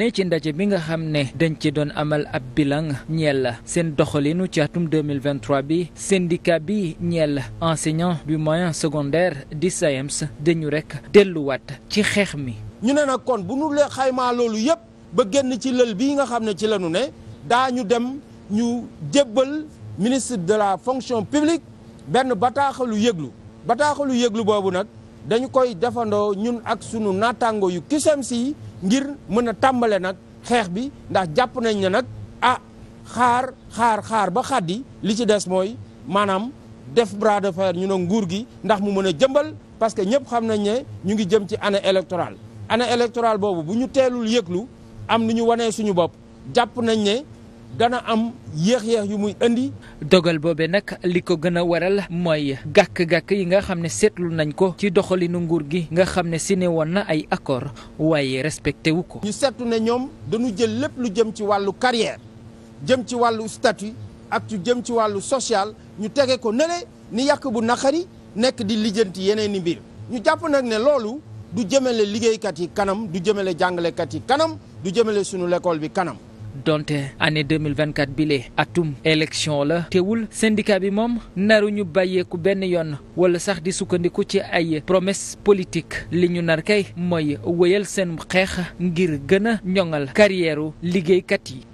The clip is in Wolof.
ne ci ndaje bi nga xam ne dañ ci doon amal ab bilan ñeel seen doxalinu ci atum 2023 bi syndicat bi ñeel enseignant du moyen secondaire di SAEMS dañu rek delluwaat ci xeex mi. ñu ne nag kon bu nu lee xaymaa loolu yëpp ba génn ci lël bii nga xam ne ci la ñu ne daañu dem ñu jébbal ministre de la fonction publique benn bataaxalu yëglu bataaxalu yëglu boobu nag dañu koy defandoo ñun ak sunu naataango yu kisam si ngir mën a tàmbale nag xeex bi ndax jàpp nañ ne nag ah xaar xaar xaar ba xaddi li ci des mooy maanaam def bras de ñu ne nguur gi ndax mu mën a jëmbal parce que ñëpp xam nañ ne ñu ngi jëm ci année électorale année électorale boobu bu ñu teelul yëglu am nu ñu wanee suñu bopp jàpp nañ ne dana am yéex-yéex yu muy indi. dogal boobe nag li ko gën a waral mooy gàkk-gàkk yi nga xam ne seetlu nañ ko ci doxalinu nguur gi nga xam ne signé woon na ay accord waaye respecté wu ko. ñu seetu ne ñoom dañu jël lépp lu jëm ci wàllu carrière jëm ci wàllu statut ak ci jëm ci wàllu social ñu tege ko nële ni yàkk bu naqari nekk di lijjanti yeneen i mbir ñu jàpp nag ne loolu du jëmale liggéeykat yi kanam du jëmale jàngalekat yi kanam du jëmale sunu lekkool bi kanam. donte année 2024 bi lee atum élection la teewul syndicat bi moom naru ñu bàyyeeku benn yoon wala sax di sukkandiku ci ay promesse politique li ñu nar kay mooy wéyal seen xeex ngir gën a ñoŋal carrièreu liggéeykat yi